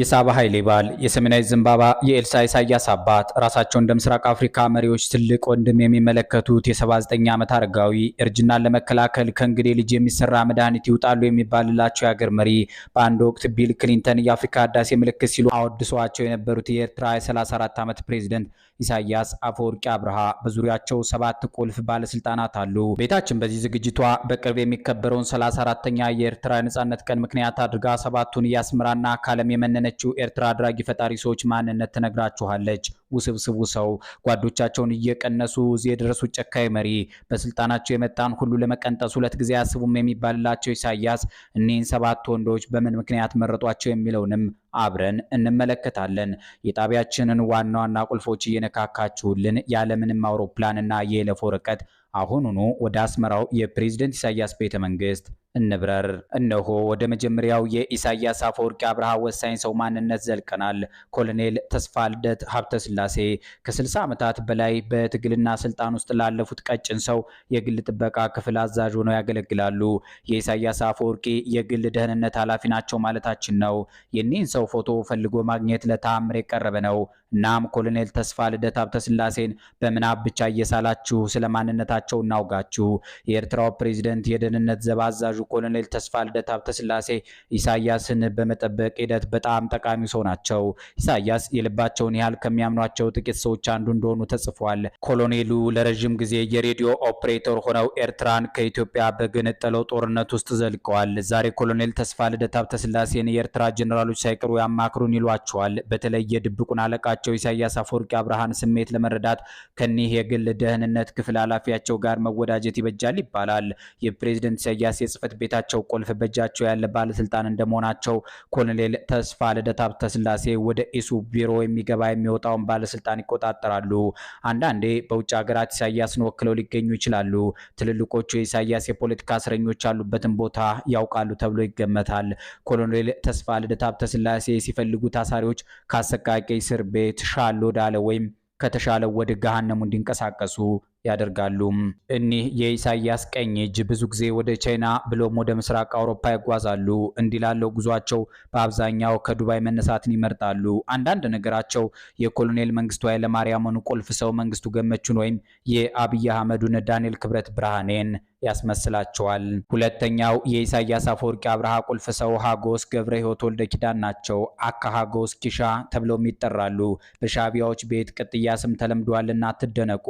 የሳባ ኃይሌ ባል የሰሜናዊ ዘንባባ የኤልሳ ኢሳያስ አባት ራሳቸው እንደ ምስራቅ አፍሪካ መሪዎች ትልቅ ወንድም የሚመለከቱት የ79 ዓመት አረጋዊ እርጅናን ለመከላከል ከእንግዲህ ልጅ የሚሰራ መድኃኒት ይውጣሉ የሚባልላቸው የሀገር መሪ በአንድ ወቅት ቢል ክሊንተን የአፍሪካ ህዳሴ ምልክት ሲሉ አወድሰዋቸው የነበሩት የኤርትራ የ34 ዓመት ፕሬዚደንት ኢሳያስ አፈወርቂ አብርሃ በዙሪያቸው ሰባት ቁልፍ ባለስልጣናት አሉ። ቤታችን በዚህ ዝግጅቷ በቅርብ የሚከበረውን 34ተኛ የኤርትራ የነጻነት ቀን ምክንያት አድርጋ ሰባቱን እያስምራና ካለም የመነነ የሆነችው ኤርትራ አድራጊ ፈጣሪ ሰዎች ማንነት ትነግራችኋለች። ውስብስቡ ሰው ጓዶቻቸውን እየቀነሱ እዚህ የደረሱ ጨካይ መሪ፣ በስልጣናቸው የመጣን ሁሉ ለመቀንጠስ ሁለት ጊዜ አስቡም የሚባልላቸው ኢሳያስ እኒህን ሰባት ወንዶች በምን ምክንያት መረጧቸው የሚለውንም አብረን እንመለከታለን። የጣቢያችንን ዋና ዋና ቁልፎች እየነካካችሁልን ያለምንም አውሮፕላንና የለፎ ርቀት አሁኑኑ ወደ አስመራው የፕሬዝደንት ኢሳያስ ቤተ መንግስት እንብረር። እነሆ ወደ መጀመሪያው የኢሳያስ አፈወርቂ አብርሃ ወሳኝ ሰው ማንነት ዘልቀናል። ኮሎኔል ተስፋ ልደት ሀብተ ስላሴ ከ60 ዓመታት በላይ በትግልና ስልጣን ውስጥ ላለፉት ቀጭን ሰው የግል ጥበቃ ክፍል አዛዥ ሆነው ያገለግላሉ። የኢሳያስ አፈወርቂ የግል ደህንነት ኃላፊ ናቸው ማለታችን ነው። የኒህን ሰው ፎቶ ፈልጎ ማግኘት ለተአምር የቀረበ ነው። እናም ኮሎኔል ተስፋ ልደት ሀብተ ስላሴን በምናብ ብቻ እየሳላችሁ ስለ ማንነታቸው እናውጋችሁ። የኤርትራው ፕሬዚደንት የደህንነት ዘብ አዛዡ ኮሎኔል ተስፋ ልደት ሀብተስላሴ ኢሳያስን በመጠበቅ ሂደት በጣም ጠቃሚ ሰው ናቸው። ኢሳያስ የልባቸውን ያህል ከሚያምኗቸው ጥቂት ሰዎች አንዱ እንደሆኑ ተጽፏል። ኮሎኔሉ ለረዥም ጊዜ የሬዲዮ ኦፕሬተር ሆነው ኤርትራን ከኢትዮጵያ በገነጠለው ጦርነት ውስጥ ዘልቀዋል። ዛሬ ኮሎኔል ተስፋ ልደት ሀብተስላሴን የኤርትራ ጀኔራሎች ሳይቀሩ ያማክሩን ይሏቸዋል። በተለይ የድብቁን አለቃቸው ኢሳያስ አፈወርቂ አብርሃን ስሜት ለመረዳት ከኒህ የግል ደህንነት ክፍል ኃላፊያቸው ጋር መወዳጀት ይበጃል ይባላል። የፕሬዚደንት ኢሳያስ የጽፈት የጽህፈት ቤታቸው ቁልፍ በእጃቸው ያለ ባለስልጣን እንደመሆናቸው ኮሎኔል ተስፋ ልደት ሀብተስላሴ ወደ ኢሱ ቢሮ የሚገባ የሚወጣውን ባለስልጣን ይቆጣጠራሉ። አንዳንዴ በውጭ ሀገራት ኢሳያስን ወክለው ሊገኙ ይችላሉ። ትልልቆቹ የኢሳያስ የፖለቲካ እስረኞች ያሉበትን ቦታ ያውቃሉ ተብሎ ይገመታል። ኮሎኔል ተስፋ ልደት ሀብተስላሴ ሲፈልጉ ታሳሪዎች ከአሰቃቂ እስር ቤት ሻል ወይም ከተሻለ ወደ ገሃነሙ እንዲንቀሳቀሱ ያደርጋሉ። እኒህ የኢሳያስ ቀኝ እጅ ብዙ ጊዜ ወደ ቻይና ብሎም ወደ ምስራቅ አውሮፓ ይጓዛሉ። እንዲህ ላለው ጉዟቸው በአብዛኛው ከዱባይ መነሳትን ይመርጣሉ። አንዳንድ ነገራቸው የኮሎኔል መንግስቱ ኃይለማርያምን ቁልፍ ሰው መንግስቱ ገመቹን ወይም የአብይ አህመዱን ዳንኤል ክብረት ብርሃኔን ያስመስላቸዋል። ሁለተኛው የኢሳያስ አፈወርቂ አብርሃ ቁልፍ ሰው ሀጎስ ገብረ ህይወት ወልደ ኪዳን ናቸው። አካ ሀጎስ ኪሻ ተብለውም ይጠራሉ። በሻቢያዎች ቤት ቅጥያ ስም ተለምዷልና አትደነቁ።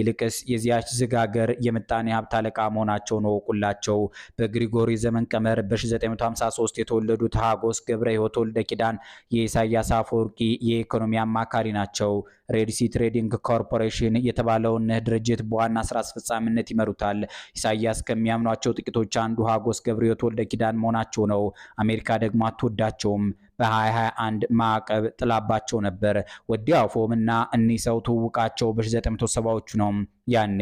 ይልቅስ የዚያች ዝግ ሀገር የምጣኔ ሀብት አለቃ መሆናቸውን ወቁላቸው። በግሪጎሪ ዘመን ቀመር በ1953 የተወለዱት ሀጎስ ገብረ ህይወት ወልደ ኪዳን የኢሳያስ አፈወርቂ የኢኮኖሚ አማካሪ ናቸው። ሬድሲ ትሬዲንግ ኮርፖሬሽን የተባለውን ድርጅት በዋና ስራ አስፈጻሚነት ይመሩታል። ኢሳያስ ከሚያምኗቸው ጥቂቶች አንዱ ሀጎስ ገብረሕይወት ወልደ ኪዳን መሆናቸው ነው። አሜሪካ ደግሞ አትወዳቸውም። በ2021 ማዕቀብ ጥላባቸው ነበር። ወዲ አፎም እና እኒህ ሰው ትውውቃቸው በ1970ዎቹ ነው። ያኔ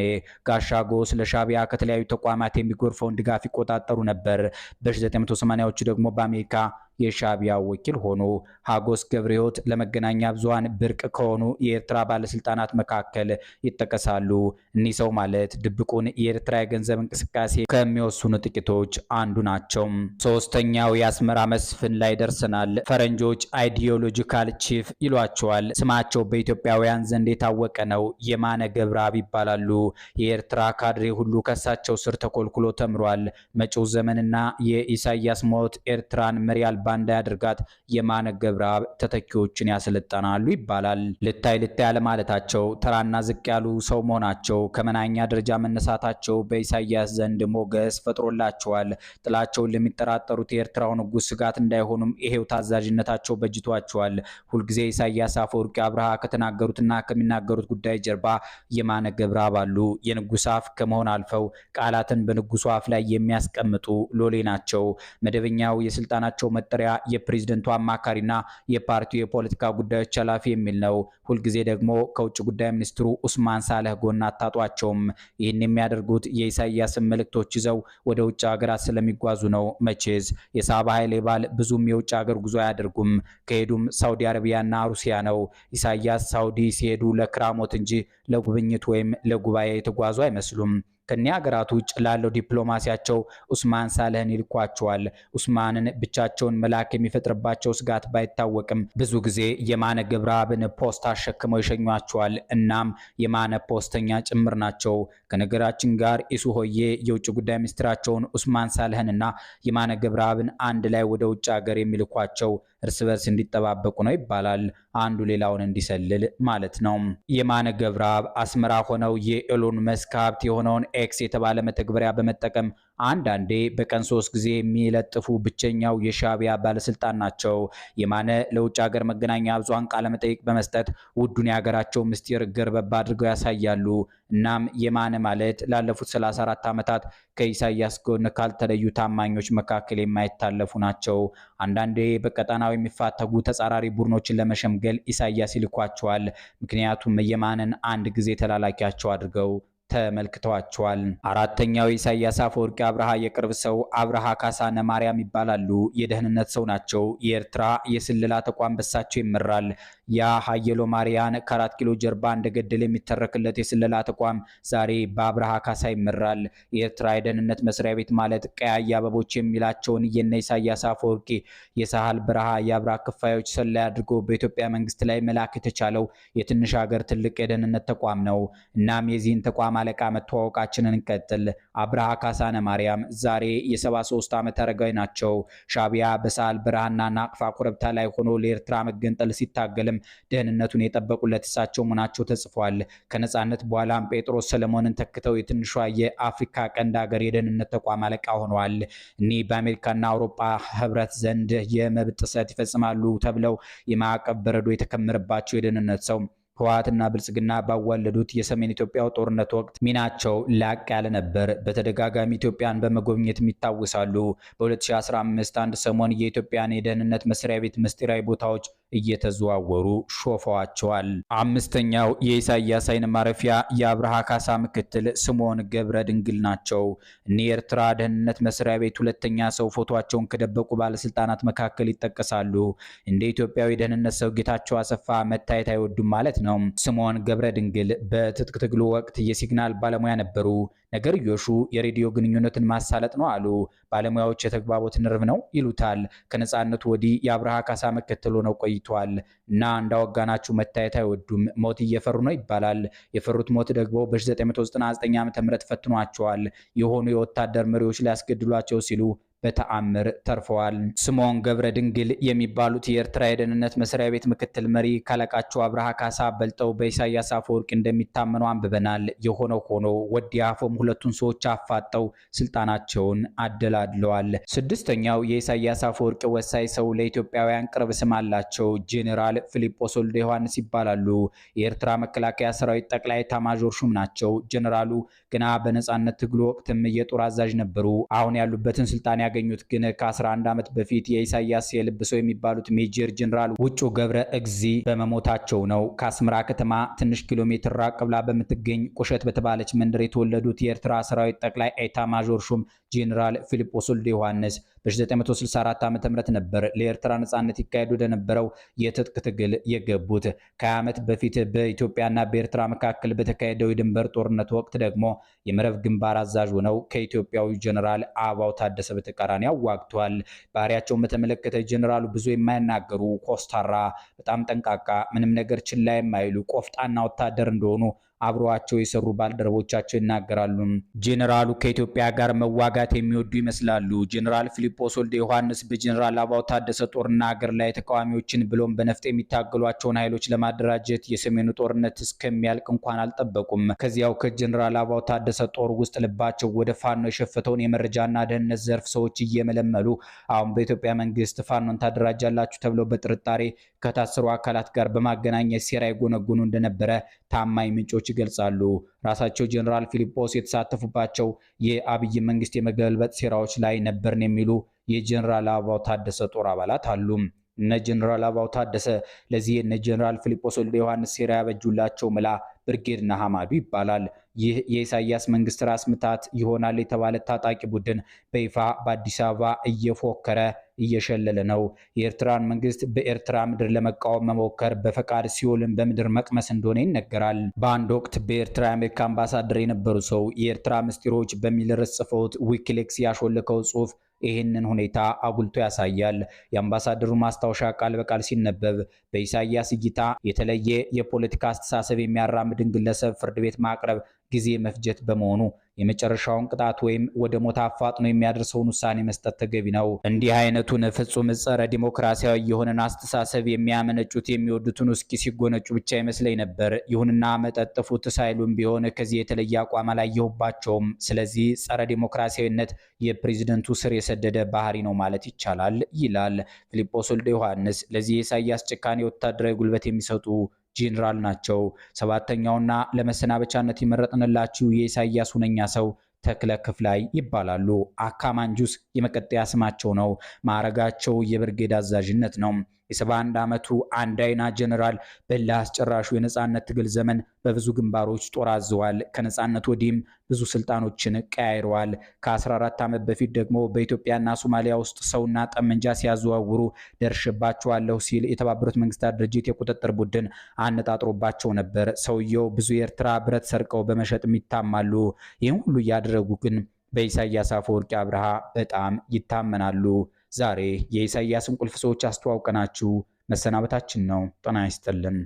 ጋሻጎ ስለ ሻቢያ ከተለያዩ ተቋማት የሚጎርፈውን ድጋፍ ይቆጣጠሩ ነበር። በ1980ዎቹ ደግሞ በአሜሪካ የሻቢያ ወኪል ሆኑ። ሀጎስ ገብረሕይወት ለመገናኛ ብዙሃን ብርቅ ከሆኑ የኤርትራ ባለስልጣናት መካከል ይጠቀሳሉ። እኒህ ሰው ማለት ድብቁን የኤርትራ የገንዘብ እንቅስቃሴ ከሚወስኑ ጥቂቶች አንዱ ናቸው። ሶስተኛው የአስመራ መስፍን ላይ ደርሰናል። ፈረንጆች አይዲዮሎጂካል ቺፍ ይሏቸዋል። ስማቸው በኢትዮጵያውያን ዘንድ የታወቀ ነው። የማነ ገብረአብ ይባላሉ። የኤርትራ ካድሬ ሁሉ ከሳቸው ስር ተኮልኩሎ ተምሯል። መጪው ዘመንና የኢሳያስ ሞት ኤርትራን መሪ አልባ እንዳያደርጋት የማነ ገብረአብ ተተኪዎችን ያሰለጠናሉ ይባላል። ልታይ ልታይ አለማለታቸው፣ ተራና ዝቅ ያሉ ሰው መሆናቸው፣ ከመናኛ ደረጃ መነሳታቸው በኢሳያስ ዘንድ ሞገስ ፈጥሮላቸዋል። ጥላቸውን ለሚጠራጠሩት የኤርትራው ንጉስ ስጋት እንዳይሆኑም ይሄው ታዘ አዛዥነታቸው በጅቷቸዋል። ሁልጊዜ ኢሳያስ አፈወርቂ አብርሃ ከተናገሩትና ከሚናገሩት ጉዳይ ጀርባ የማነ ገብር አሉ። የንጉሥ አፍ ከመሆን አልፈው ቃላትን በንጉሱ አፍ ላይ የሚያስቀምጡ ሎሌ ናቸው። መደበኛው የስልጣናቸው መጠሪያ የፕሬዝደንቱ አማካሪና የፓርቲው የፖለቲካ ጉዳዮች ኃላፊ የሚል ነው። ሁልጊዜ ደግሞ ከውጭ ጉዳይ ሚኒስትሩ ኡስማን ሳለህ ጎን አታጧቸውም። ይህን የሚያደርጉት የኢሳያስን መልእክቶች ይዘው ወደ ውጭ ሀገራት ስለሚጓዙ ነው። መቼዝ የሳባ ኃይሌ ባል ብዙም የውጭ ሀገር ጉዞ አያደርጉም። ከሄዱም ሳውዲ አረቢያና ሩሲያ ነው። ኢሳያስ ሳውዲ ሲሄዱ ለክራሞት እንጂ ለጉብኝት ወይም ለጉባኤ የተጓዙ አይመስሉም። ከኒያ ሀገራት ውጭ ላለው ዲፕሎማሲያቸው ኡስማን ሳልህን ይልኳቸዋል። ኡስማንን ብቻቸውን መላክ የሚፈጥርባቸው ስጋት ባይታወቅም ብዙ ጊዜ የማነ ገብረአብን ፖስት አሸክመው ይሸኟቸዋል። እናም የማነ ፖስተኛ ጭምር ናቸው። ከነገራችን ጋር ኢሱ ሆዬ የውጭ ጉዳይ ሚኒስትራቸውን ኡስማን ሳልህንና የማነ ገብረአብን አንድ ላይ ወደ ውጭ ሀገር የሚልኳቸው እርስ በርስ እንዲጠባበቁ ነው ይባላል። አንዱ ሌላውን እንዲሰልል ማለት ነው። የማነ ገብረአብ አስመራ ሆነው የኤሎን መስክ ሀብት የሆነውን ኤክስ የተባለ መተግበሪያ በመጠቀም አንዳንዴ በቀን ሶስት ጊዜ የሚለጥፉ ብቸኛው የሻቢያ ባለስልጣን ናቸው። የማነ ለውጭ ሀገር መገናኛ ብዙሃን ቃለመጠይቅ በመስጠት ውዱን የሀገራቸው ምስጢር ገርበብ አድርገው ያሳያሉ። እናም የማነ ማለት ላለፉት 34 ዓመታት ከኢሳያስ ጎን ካልተለዩ ታማኞች መካከል የማይታለፉ ናቸው። አንዳንዴ በቀጠናው የሚፋተጉ ተጻራሪ ቡድኖችን ለመሸምገል ኢሳያስ ይልኳቸዋል። ምክንያቱም የማንን አንድ ጊዜ ተላላኪያቸው አድርገው ተመልክተዋቸዋል። አራተኛው ኢሳያስ አፈወርቂ አብርሃ የቅርብ ሰው አብርሃ ካሳ ነማርያም ይባላሉ። የደህንነት ሰው ናቸው። የኤርትራ የስለላ ተቋም በሳቸው ይመራል። ያ ሀየሎ ማርያን ከአራት ኪሎ ጀርባ እንደገደለ የሚተረክለት የስለላ ተቋም ዛሬ በአብርሃ ካሳ ይመራል። የኤርትራ የደህንነት መስሪያ ቤት ማለት ቀያይ አበቦች የሚላቸውን የነ ኢሳያስ አፈወርቂ የሳህል በረሃ የአብርሃ ክፋዮች ሰላይ አድርጎ በኢትዮጵያ መንግስት ላይ መላክ የተቻለው የትንሽ ሀገር ትልቅ የደህንነት ተቋም ነው። እናም የዚህን ተቋም አለቃ መተዋወቃችንን እንቀጥል። አብርሃ ካሳነ ማርያም ዛሬ የ73 ዓመት አረጋዊ ናቸው። ሻቢያ በሳል ብርሃና ናቅፋ ኮረብታ ላይ ሆኖ ለኤርትራ መገንጠል ሲታገልም ደህንነቱን የጠበቁለት እሳቸው መሆናቸው ተጽፏል። ከነጻነት በኋላም ጴጥሮስ ሰለሞንን ተክተው የትንሿ የአፍሪካ ቀንድ ሀገር የደህንነት ተቋም አለቃ ሆነዋል። እኒህ በአሜሪካና አውሮፓ ህብረት ዘንድ የመብት ጥሰት ይፈጽማሉ ተብለው የማዕቀብ በረዶ የተከመረባቸው የደህንነት ሰው ህወሓትና ብልጽግና ባዋለዱት የሰሜን ኢትዮጵያው ጦርነት ወቅት ሚናቸው ላቅ ያለ ነበር። በተደጋጋሚ ኢትዮጵያን በመጎብኘት ይታወሳሉ። በ2015 አንድ ሰሞን የኢትዮጵያን የደህንነት መስሪያ ቤት ምስጢራዊ ቦታዎች እየተዘዋወሩ ሾፈዋቸዋል። አምስተኛው የኢሳያስ አይን ማረፊያ የአብርሃ ካሳ ምክትል ስምዖን ገብረ ድንግል ናቸው። እኒህ የኤርትራ ደህንነት መስሪያ ቤት ሁለተኛ ሰው ፎቶቸውን ከደበቁ ባለስልጣናት መካከል ይጠቀሳሉ። እንደ ኢትዮጵያዊ ደህንነት ሰው ጌታቸው አሰፋ መታየት አይወዱም ማለት ነው። ስምዖን ገብረ ድንግል በትጥቅ ትግሉ ወቅት የሲግናል ባለሙያ ነበሩ። ነገርዮሹ የሬዲዮ ግንኙነትን ማሳለጥ ነው አሉ። ባለሙያዎች የተግባቦት ንርብ ነው ይሉታል። ከነፃነቱ ወዲህ የአብርሃ ካሳ መከተል ነው ቆይቷል እና እንዳወጋናችሁ መታየት አይወዱም። ሞት እየፈሩ ነው ይባላል። የፈሩት ሞት ደግሞ በ1999 ዓ ም ፈትኗቸዋል። የሆኑ የወታደር መሪዎች ሊያስገድሏቸው ሲሉ በተአምር ተርፈዋል። ስምዖን ገብረ ድንግል የሚባሉት የኤርትራ የደህንነት መስሪያ ቤት ምክትል መሪ ካለቃቸው አብርሃ ካሳ በልጠው በኢሳያስ አፈወርቂ እንደሚታመኑ አንብበናል። የሆነው ሆኖ ወዲ አፎም ሁለቱን ሰዎች አፋጠው ስልጣናቸውን አደላድለዋል። ስድስተኛው የኢሳያስ አፈወርቂ ወሳኝ ሰው ለኢትዮጵያውያን ቅርብ ስም አላቸው። ጄኔራል ፊሊጶስ ወልደ ዮሐንስ ይባላሉ። የኤርትራ መከላከያ ሰራዊት ጠቅላይ ታማዦር ሹም ናቸው። ጄኔራሉ ገና በነጻነት ትግሉ ወቅትም የጦር አዛዥ ነበሩ። አሁን ያሉበትን ስልጣን ያገኙት ግን ከ11 ዓመት በፊት የኢሳያስ የልብ ሰው የሚባሉት ሜጀር ጀኔራል ውጩ ገብረ እግዚ በመሞታቸው ነው። ከአስመራ ከተማ ትንሽ ኪሎ ሜትር ራቅ ብላ በምትገኝ ቁሸት በተባለች መንደር የተወለዱት የኤርትራ ሰራዊት ጠቅላይ ኤታ ማዦር ሹም ጄኔራል ፊልጶስ ወልደ ዮሐንስ በ964 ም ነበር ለኤርትራ ነጻነት ይካሄዱ ወደነበረው የትጥቅ ትግል የገቡት። ከ20 ዓመት በፊት በኢትዮጵያና በኤርትራ መካከል በተካሄደው የድንበር ጦርነት ወቅት ደግሞ የመረብ ግንባር አዛዥ ሆነው ከኢትዮጵያዊ ጀኔራል አበባው ታደሰ በተቀ በተቃራኒ አዋግቷል። ባህሪያቸውን በተመለከተ ጀኔራሉ ብዙ የማይናገሩ ኮስታራ፣ በጣም ጠንቃቃ፣ ምንም ነገር ችላ የማይሉ ቆፍጣና ወታደር እንደሆኑ አብረዋቸው የሰሩ ባልደረቦቻቸው ይናገራሉ። ጄኔራሉ ከኢትዮጵያ ጋር መዋጋት የሚወዱ ይመስላሉ። ጄኔራል ፊሊጶስ ወልደ ዮሐንስ በጄኔራል አባው ታደሰ ጦርና አገር ላይ ተቃዋሚዎችን ብሎም በነፍጥ የሚታገሏቸውን ኃይሎች ለማደራጀት የሰሜኑ ጦርነት እስከሚያልቅ እንኳን አልጠበቁም። ከዚያው ከጄኔራል አባው ታደሰ ጦር ውስጥ ልባቸው ወደ ፋኖ የሸፈተውን የመረጃና ደህንነት ዘርፍ ሰዎች እየመለመሉ አሁን በኢትዮጵያ መንግስት ፋኖን ታደራጃላችሁ ተብለው በጥርጣሬ ከታሰሩ አካላት ጋር በማገናኘት ሴራ የጎነጎኑ እንደነበረ ታማኝ ምንጮች ይገልጻሉ። ራሳቸው ጀኔራል ፊሊጶስ የተሳተፉባቸው የአብይ መንግስት የመገልበጥ ሴራዎች ላይ ነበርን የሚሉ የጀኔራል አበባው ታደሰ ጦር አባላት አሉ። እነ ጀኔራል አበባው ታደሰ ለዚህ የነ ጀኔራል ፊሊጶስ ወልደ ዮሐንስ ሴራ ያበጁላቸው መላ ብርጌድ ሐማዱ ይባላል። ይህ የኢሳያስ መንግስት ራስ ምታት ይሆናል የተባለ ታጣቂ ቡድን በይፋ በአዲስ አበባ እየፎከረ እየሸለለ ነው። የኤርትራን መንግስት በኤርትራ ምድር ለመቃወም መሞከር በፈቃድ ሲውልን በምድር መቅመስ እንደሆነ ይነገራል። በአንድ ወቅት በኤርትራ የአሜሪካ አምባሳደር የነበሩ ሰው የኤርትራ ምስጢሮች በሚል ርዕስ ጽፈውት ዊኪሊክስ ያሾለከው ጽሁፍ ይህንን ሁኔታ አጉልቶ ያሳያል። የአምባሳደሩ ማስታወሻ ቃል በቃል ሲነበብ በኢሳያስ እይታ የተለየ የፖለቲካ አስተሳሰብ የሚያራምድን ግለሰብ ፍርድ ቤት ማቅረብ ጊዜ መፍጀት በመሆኑ የመጨረሻውን ቅጣት ወይም ወደ ሞት አፋጥኖ የሚያደርሰውን ውሳኔ መስጠት ተገቢ ነው። እንዲህ አይነቱን ፍጹም ጸረ ዲሞክራሲያዊ የሆነን አስተሳሰብ የሚያመነጩት የሚወዱትን ውስኪ ሲጎነጩ ብቻ ይመስለኝ ነበር። ይሁንና መጠጥፉት ሳይሉም ቢሆን ከዚህ የተለየ አቋም አላየሁባቸውም። ስለዚህ ጸረ ዲሞክራሲያዊነት የፕሬዝደንቱ ስር የሰደደ ባህሪ ነው ማለት ይቻላል ይላል ፊሊጶስ ወልደ ዮሐንስ። ለዚህ የኢሳያስ ጭካኔ ወታደራዊ ጉልበት የሚሰጡ ጄኔራል ናቸው። ሰባተኛውና ለመሰናበቻነት የመረጥንላችሁ የኢሳያስ ሁነኛ ሰው ተክለ ክፍላይ ይባላሉ። አካማንጁስ የመቀጠያ ስማቸው ነው። ማዕረጋቸው የብርጌድ አዛዥነት ነው። የ71 ዓመቱ አንድ አይና ጀነራል በላ አስጨራሹ የነፃነት ትግል ዘመን በብዙ ግንባሮች ጦር አዘዋል። ከነጻነት ወዲህም ብዙ ስልጣኖችን ቀያይረዋል። ከ14 ዓመት በፊት ደግሞ በኢትዮጵያና ሶማሊያ ውስጥ ሰውና ጠመንጃ ሲያዘዋውሩ ደርሽባቸዋለሁ ሲል የተባበሩት መንግስታት ድርጅት የቁጥጥር ቡድን አነጣጥሮባቸው ነበር። ሰውየው ብዙ የኤርትራ ብረት ሰርቀው በመሸጥም ይታማሉ። ይህን ሁሉ እያደረጉ ግን በኢሳያስ አፈወርቂ አብርሃ በጣም ይታመናሉ። ዛሬ የኢሳይያስን ቁልፍ ሰዎች አስተዋውቀናችሁ መሰናበታችን ነው። ጤና ይስጥልን።